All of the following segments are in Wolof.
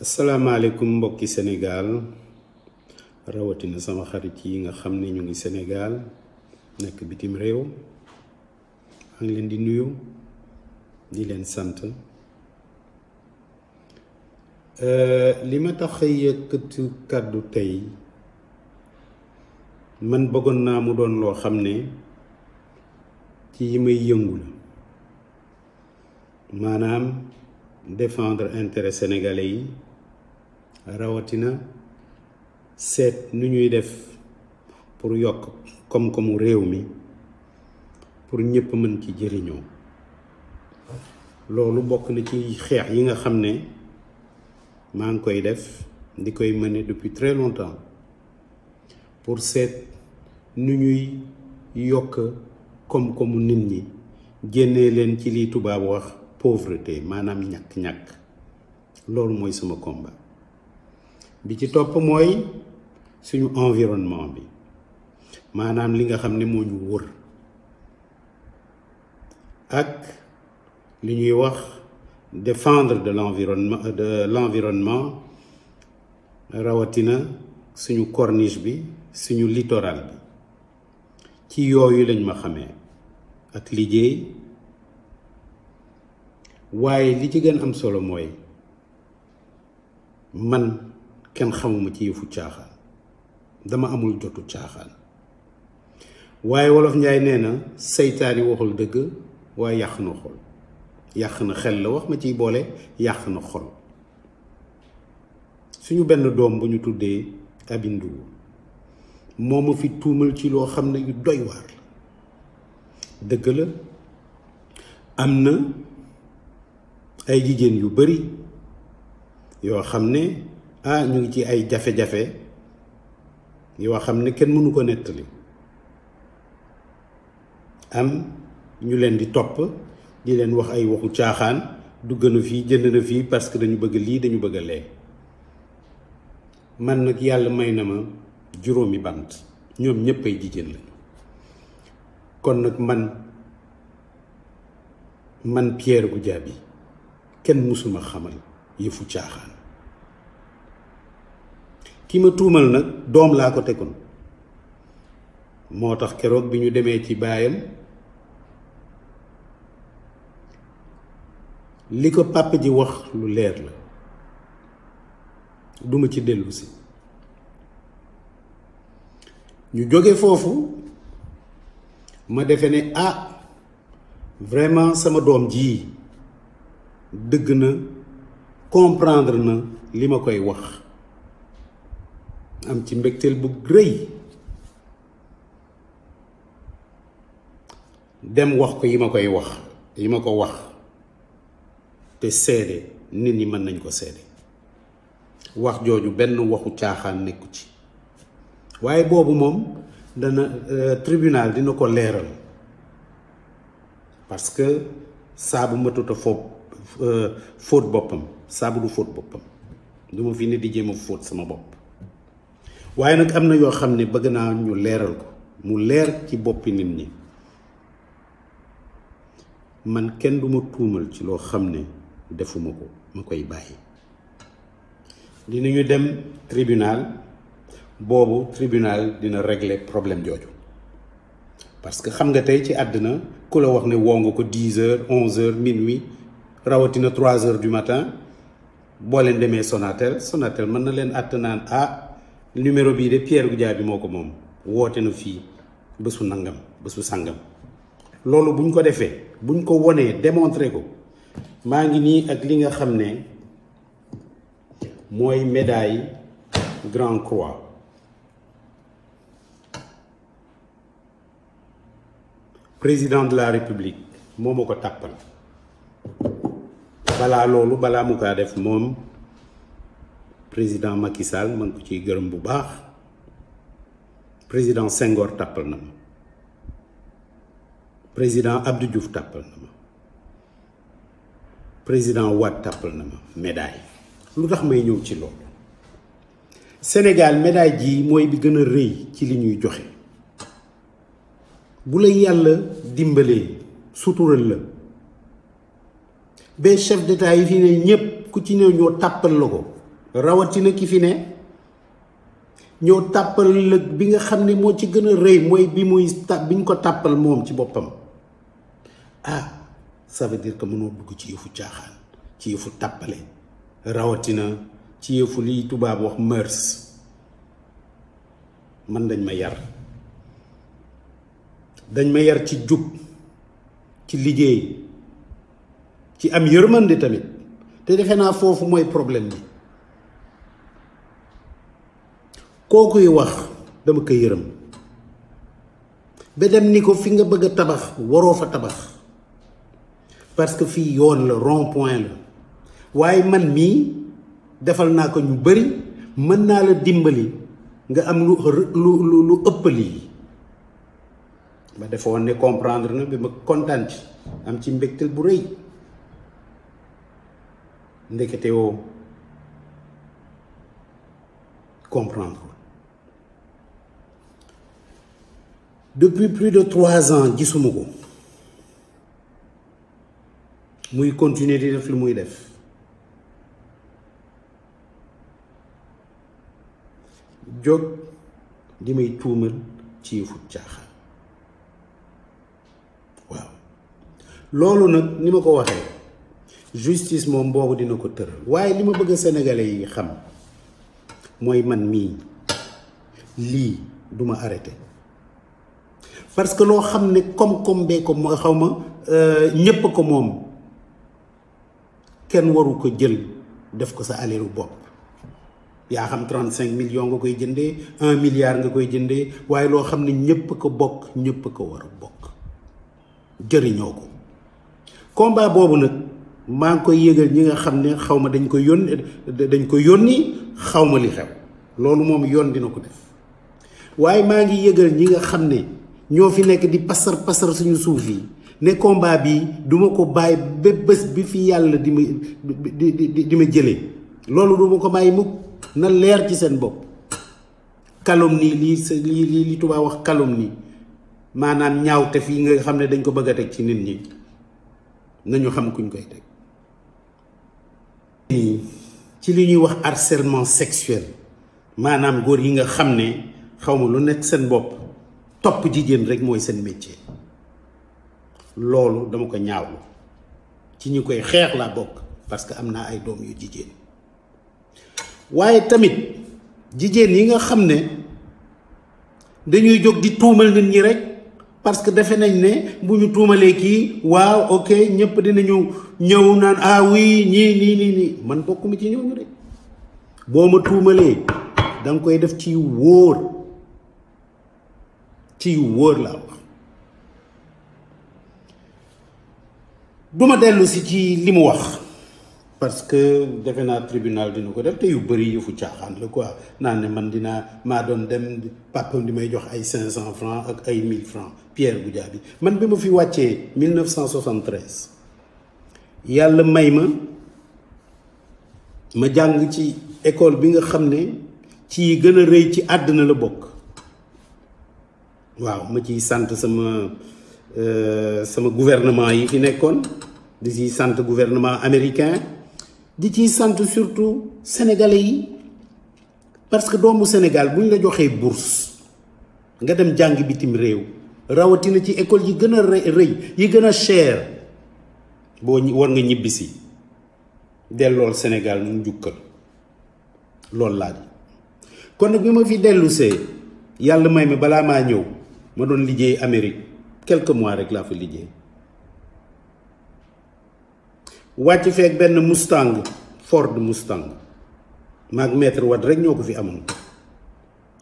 asalaamaaleykum mbokki Sénégal rawatina sama xarit yi nga xam ne ñu ngi Sénégal nekk bitim réew maa leen di nuyu di leen sant euh, li ma tax yëkkati kàddu tey man bëggoon naa mu doon loo xam ne ci yi may yëngu la maanaam défendre intérêt sénégalais yi rawatina seet nu ñuy def pour yokk koom-koomu réew mi pour ñëpp mën ci jëriñoo loolu bokk na ci xeex yi nga xam ne maa ngi koy def di koy mëne depuis très longtemps pour seet nu ñuy yokk koom-koomu nit ñi génnee leen ci li tubaab wax pauvreté maanaam ñàkk-ñàkk loolu mooy sama komba bi ci topp mooy suñu environnement bi maanaam li nga xam ne moo ñu wër ak li ñuy wax defendre de l'environnement de rawatina suñu corniche bi suñu littoral bi ci yooyu lañ ma xamee ak liggéey waaye li ci gën am solo mooy man kenn xamuma ci yëfu caaxaan dama amul jotu caaxaan waaye wolof njaay nee na seytaani waxul dëgg waaye yàq na xol yàq na xel la wax ma ciy boole yàq na xol suñu benn doom bu ñu tuddee abindu moo fi tuumal ci loo xam ne yu doy waar la dëgg la am na ay jigéen yu bari yoo xam ne ah ñu ngi ci ay jafe-jafe yoo xam ne kenn mënu ko nettali am ñu leen di topp di leen wax ay waxu caaxaan dugg na fii jënd na fii parce que dañu bëgg lii dañu bëgg a lee man nag yàlla may na ma juróomi bant ñoom ñëpp ay jigéen lañu kon nag man man Pierre bi kenn mësuma xamal yëfu caaxaan ki ma tuumal nag doom laa ko tegoon moo tax keroog bi ñu demee ci baayam li ko pàpp ji wax lu leer la duma ci dellusi ñu jóge foofu ma defe ne ah vraiment sama doom jii dëgg na comprendre na li ma koy wax am ci mbégteel bu rëy dem wax ko yi ma koy wax yi ma ko wax te seede nit ñi mën nañ ko seede wax jooju benn waxu caaxaan nekku ci waaye boobu moom dana euh, tribunal dina ko leeral parce que saabu matuta foob euh, fóot boppam saabu du fóot boppam du ma fi ne di jéem a fóot sama bopp waaye nag am na yoo xam ne bëgg naa ñu leeral ko mu leer ci boppi nit ñi man kenn duma tuumal ci loo xam ne defuma ko ma koy bàyyi dinañu dem tribunal boobu tribunal dina régler problème jooju parce que xam nga tey ci àddina ku la wax ne woo nga ko dix heures onze heures minuit rawatina trois heures du matin boo leen demee Sonatel Sonatel mën na leen àtt naan ah numéro bii de Pierre Goudiaby bi moo ko moom woote na fii bésu nangam bésu sangam loolu buñ ko defee buñ ko wonee démontrer ko maa ngi nii ak li nga xam ne mooy médaille Grand Croix président de la république moom ma ko tàppal balaa loolu balaa mu kaa def moom président Macky Sall ma ngi ko ciy gërëm bu baax président sengoor tappal na ma président Abdou Diouf tàppal na ma président Wade tàppal na ma médaille lu tax may ñëw ci loolu Sénégal médaille jii mooy bi gën a rëy ci li ñuy joxe bu la yàlla dimbalee sutural la ba chef d'état yi fi ne ñépp ku ci ne ñoo tàppal la ko rawatina ki fi ne ñëw tàppal lëg bi nga xam ne moo ci gën a rëy mooy bi muy tàpp bi ñu ko tàppal moom ci boppam ah ça veut dire que mënoo dugg ci yëfu caaxaan ci yëfu tàppale rawatina ci yëfu liy tubaab wax mœurs man dañ ma yar dañ ma yar ci jub ci liggéey ci am yërmande tamit te defe naa foofu mooy problème bi kookuy wax dama ko yërëm ba ni ko fi nga bëgg a tabax waroo fa tabax parce que fii yoon la rond point la waaye man mii defal naa ko ñu bari mën naa la dimbali nga am lu lu lu ëpp lii ma defoon ne comprendre na bi ma kontaan ci am ci mbégteel bu rëy ndekete woo comprendre depuis plus de trois ans gisuma ko muy continue di def lu muy def jóg di may tuumal ci yëfu caaxaan waaw loolu nag ni ma ko waxee justice moom boobu dina ko tëral waaye li ma bëgg sénégalais yi xam mooy man mii lii duma arrêté parce que loo xam ne koom-koom bee ko moo xaw ma euh, ñépp ko moom kenn waru ko jël def ko sa aleeru bopp yaa xam trente cinq millions nga koy jëndee un milliard nga koy jëndee waaye loo xam ne ñépp ko bokk ñépp ko war a bokk jëriñoo ko combat boobu nag maa ngi koy yëgal ñi nga xam ne xaw ma dañ ko yónni dañ ko yónni xaw ma li xew loolu moom yoon dina ko def waaye maa ngi yëgal ñi nga xam ne ñoo fi nekk di pasar pasar suñu suuf yi ne combat bi duma ko bàyyi ba bés bi fi yàlla di ma di di di ma jële loolu duma ko bàyyi mukk na leer ci seen bopp calomnie lii sa lii li tubaab wax calomnie maanaam ñaaw ñaawte yi nga xam ne dañ ko bëgg a teg ci nit ñi nañu xam kuñ koy teg ci li ñuy wax harcèlement sexuel maanaam góor yi nga xam ne xaw ma lu nekk seen bopp topp jigéen rek mooy seen métier loolu dama ko ñaawlu ci ñi koy xeex laa bokk parce que am naa ay doom yu jigéen waaye tamit jigéen yi nga xam ne dañuy jóg di tuumal nit ñi rek parce que defe nañ ne bu ñu tuumalee kii waaw ok ñëpp dinañu ñëw naan ah oui ñii nii nii nii man bokkuma ci ñooñu rek boo ma tuumalee da koy def ci wóor. ci wóor laa wax du ma dellu si ci li mu wax parce que defe naa tribunal dina ko def te yu bëri yëfu caaxaan la quoi naan ne man dinaa maa doon dem papam di may jox ay cinq cent francs ak ay mille francs Pierre bi man bi ma fi wàccee 1973 yàlla may ma ma jàng ci école bi nga xam ne ci gën a rëy ci àddina la bokk waaw ma ciy sant sama euh, sama gouvernement yi fi nekkoon di ciy sant gouvernement américain di ciy sant surtout sénégalais yi parce que doomu Sénégal bu ñu la joxee bourse nga dem jàng bitim réew rawatina ci école yi gën a rëy yi gën a cher boo war nga ñibbisi dellool Sénégal nu njukkal loolu laa di kon nag bi ma fi dellusee yàlla may mi balaa maa ñëw ma doon liggéey Amérique quelque mois rek laa fa liggéey wàcc feek benn Mustang Ford Mustang maag maître Wade rek ñoo ko fi amoon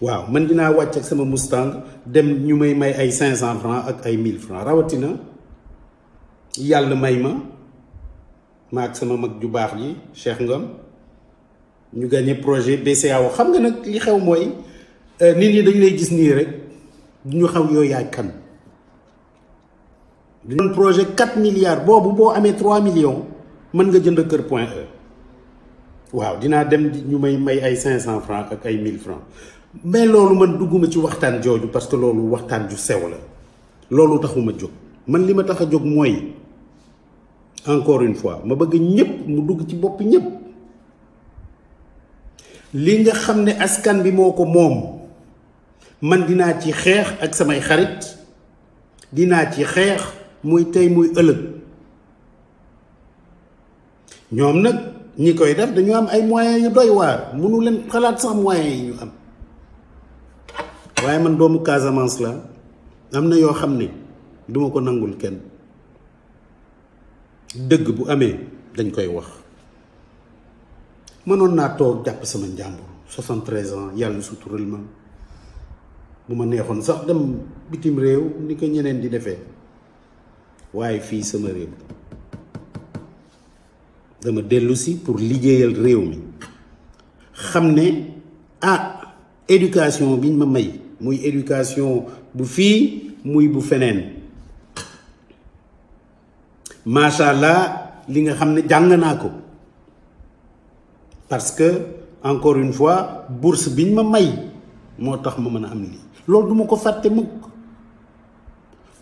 waaw man dinaa wàcc ak sama Mustang dem ñu may may ay cinq cent francs ak ay mille francs rawatina yàlla may ma maag sama mag ju baax ji Cheikh Ngom ñu gagné projet BCAO xam nga nag li xew mooy euh, nit ñi dañu lay gis nii rek ñu xaw yooyu yaay kan doon projet quatre milliards boobu boo amee trois millions mën nga jënd kër point E waaw dinaa dem ñu may may ay cinq cent francs ak ay mille francs mais loolu man dugguma ci waxtaan jooju parce que loolu waxtaan ju sew la loolu taxuma jóg man li ma tax a jóg mooy encore une fois ma bëgg ñëpp mu dugg ci bopp ñëpp li nga xam ne askan bi moo ko moom man dinaa ci xeex ak samay xarit dinaa ci xeex muy tey muy ëllëg ñoom nag ñi koy def dañu am ay moyens yu doy waar mënu leen xalaat sax moyens yi ñu am waaye man doomu Casamance la am na yoo xam ne duma ko nangul kenn dëgg bu amee dañ koy wax mënoon naa toog jàpp sama njàmbur 73 ans yàlla sutural ma bu ma neexoon sax dem bitim réew ni ko ñeneen di defee waaye fii sama réew dama dellu si pour liggéeyal réew mi xam ne ah éducation biñ ma may muy éducation bu fii muy bu feneen macha allah li nga xam ne jàng naa ko parce que encore une fois bourse biñ ma may moo tax ma mën a am nii loolu du ko fàtte mukk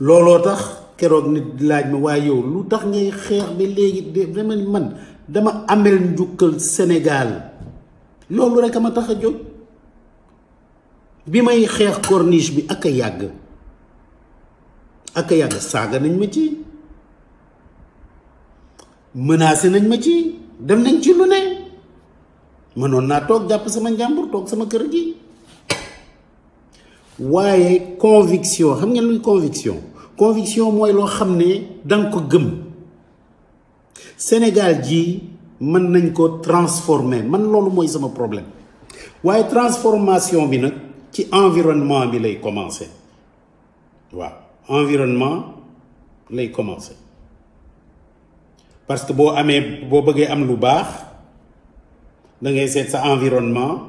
looloo tax keroog nit laaj ma waaye yow lu tax ngay xeex bi léegi dama man dama amel njukkal Sénégal loolu rek a ma tax a jóg bi may xeex corniche bi ak a yàgg ak a yàgg saaga nañ ma ci mënaase nañ ma ci def nañ ci lu ne mënoon naa toog jàpp sama njàmbur toog sama kër gi waaye conviction xam ngeen luy conviction conviction mooy loo xam ne danga ko gëm Sénégal ji mën nañ ko transformer man loolu mooy sama problème waaye transformation bi nag ci environnement bi lay commencer waaw environnement lay commencer parce que boo amee boo bëggee am lu baax da ngay seet sa environnement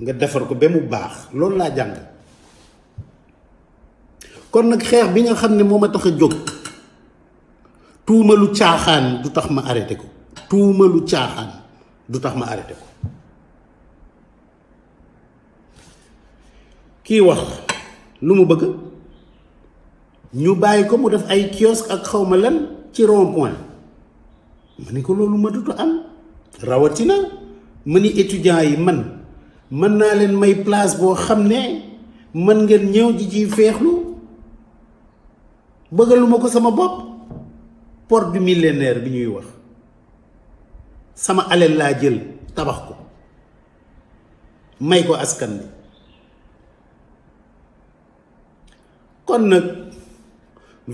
nga defar ko ba mu baax loolu laa jàng kon nag xeex bi nga xam ne moo ma tax a jóg tuuma caaxaan du tax ma arrêté ko tuuma lu du tax ma arrêté ko kii wax lu mu bëgg ñu bàyyi ko mu def ay kiosque ak xawma lan ci rond point ni ko loolu ma dutu am rawatina ma ni étudiants yi man mën naa leen may place boo xam ne mën ngeen ñëw ji ji feexlu bëggaluma ko sama bopp port du millénaire bi ñuy wax sama alal laa jël tabax ko may ko askan bi kon nag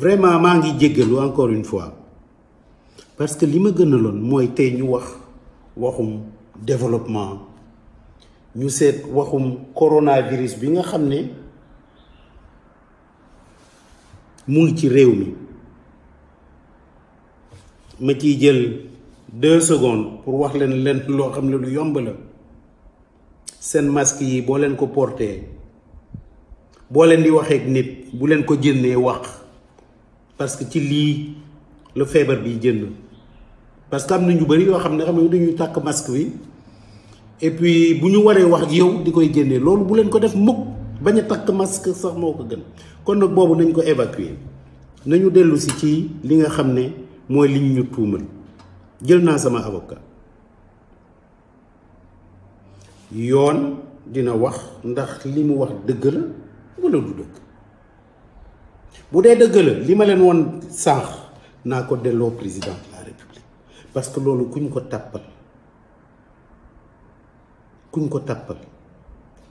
vraiment maa ngi jéggalu encore une fois parce que li ma gën a mooy tey ñu wax waxum développement ñu seet waxum coronavirus bi nga xam ne mu ngi ci réew mi ma ci jël deux secondes pour wax leen lent loo xam ne lu yomb la seen masque yi boo leen ko portee boo leen di waxeek ak nit bu leen ko jëndee wax parce que ci lii la feebar bi jënd parce que am na ñu bari yoo xam ne xam ne dañuy tàkk masque bi et puis bu ñu waree wax yow di koy génnee loolu bu leen ko def mukk bañ a takk masque sax moo ko gën kon nag boobu nañ ko évacuer nañu dellu ci li nga xam ne mooy li ñu tuumal jël naa sama avocat yoon dina wax ndax li mu wax dëgg la wala du dëgg bu dee dëgg la li ma leen woon sànq naa ko delloo président de la république parce que loolu kuñ ko tàppal kuñ ko tàppal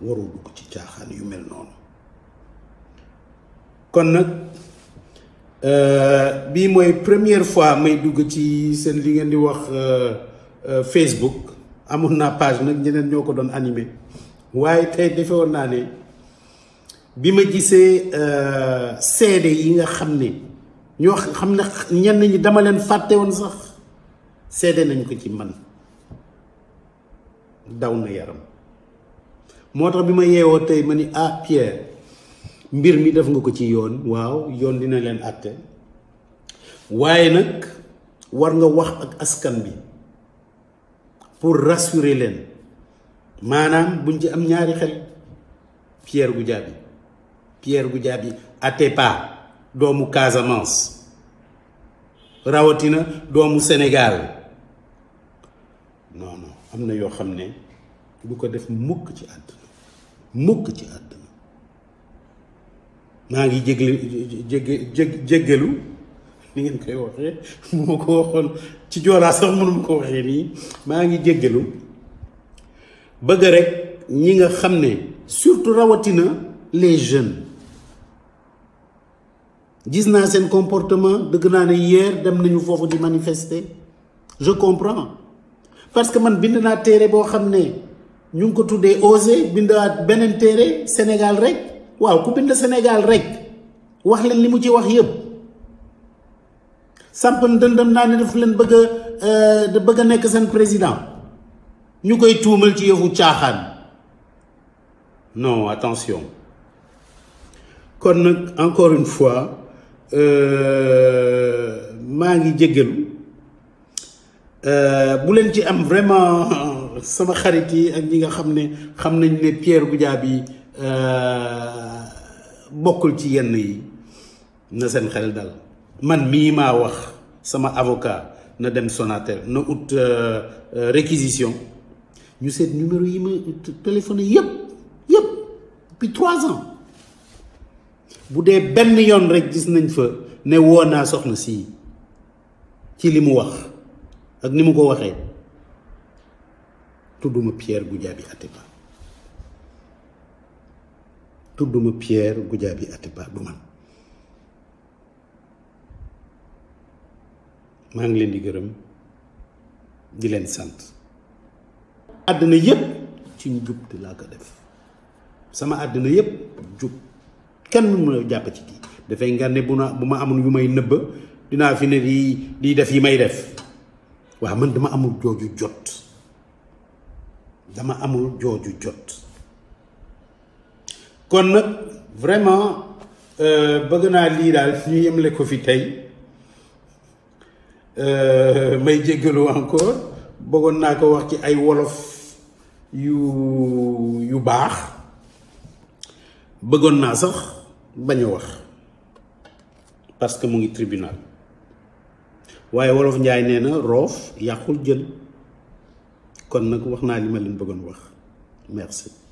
waroo dugg ci caaxaan yu mel noonu kon nag euh, bii mooy première fois may dugg ci seen li ngeen di wax euh, euh, Facebook amoon naa page nag ñeneen ñoo ko doon animé waaye tey defe woon naa ne bi ma gisee seede yi nga xam ne ñoo xam ne ñenn ñi dama leen fàtte woon sax seede nañ ko ci man daw na yaram moo tax bi ma yeewoo tey ma ni ah Pierre mbir mi def nga ko ci yoon waaw yoon dina leen àtte waaye nag war nga wax ak askan bi pour rassurer leen maanaam buñ ci am ñaari xel Pierre Goudiaby Pierre Goudiaby Atépa doomu Casamance rawatina doomu Sénégal am na yoo xam ne du ko def mukk ci àdduna mukk ci àdduna maa ngi jégle jégg jég jéggelu ni ngeen koy waxee moo ko waxoon ci joolaa sax mënum ko waxee nii maa ngi jéggelu bëgg rek ñi nga xam ne surtout rawatina les jeunes gis naa seen comportement dëgg naa ne hier dem nañu foofu di manifester je comprends parce que man bind naa téere boo xam ne ñu ngi ko tuddee Oser bindaat beneen téere Sénégal rek waaw ku bind Sénégal rek wax leen li mu ci wax yëpp sampan dëndam naa ne daf leen bëgg a euh, bëgg a nekk seen président ñu koy tuumal ci yëfu caaxaan non attention kon nag encore une fois euh, maa ngi jéggalu Euh, bu leen ci am vraiment sama xarit yi ak ñi nga xam ne xam nañ ne Pierre Goudiaby euh, bokkul ci yenn yi na seen xel dal man mii maa wax sama avocat na dem Sonatel na ut euh, réquisition ñu seet numéro yi ma téléphoné yëpp yëpp depuis trois ans bu dee benn yoon rek gis nañ fa ne woo naa soxna sii ci li mu wax ak ni mu ko waxee tudduma Pierre Goudiaby Atépa tudduma Pierre Goudiaby Atépa du man maa ngi leen di gërëm di leen sant àddina yépp ci njub di laa ko def sama àddina yépp jub kenn mu a jàpp ci kii dafay nga bu ma amoon yu may nëbba dinaa fi ne di def yi may def waa man dama amul jooju jot dama amul jooju jot kon nag vraiment euh, bëgg naa lii daal ñu yemle ko fi tey euh, may jéggalu encore bëggoon naa ko wax ci ay wolof yu yu baax bëggoon naa sax bañ a wax parce que mu ngi tribunal waaye wolof njaay nee na roof yàqul jël kon nag wax naa li ma leen bëggoon wax merci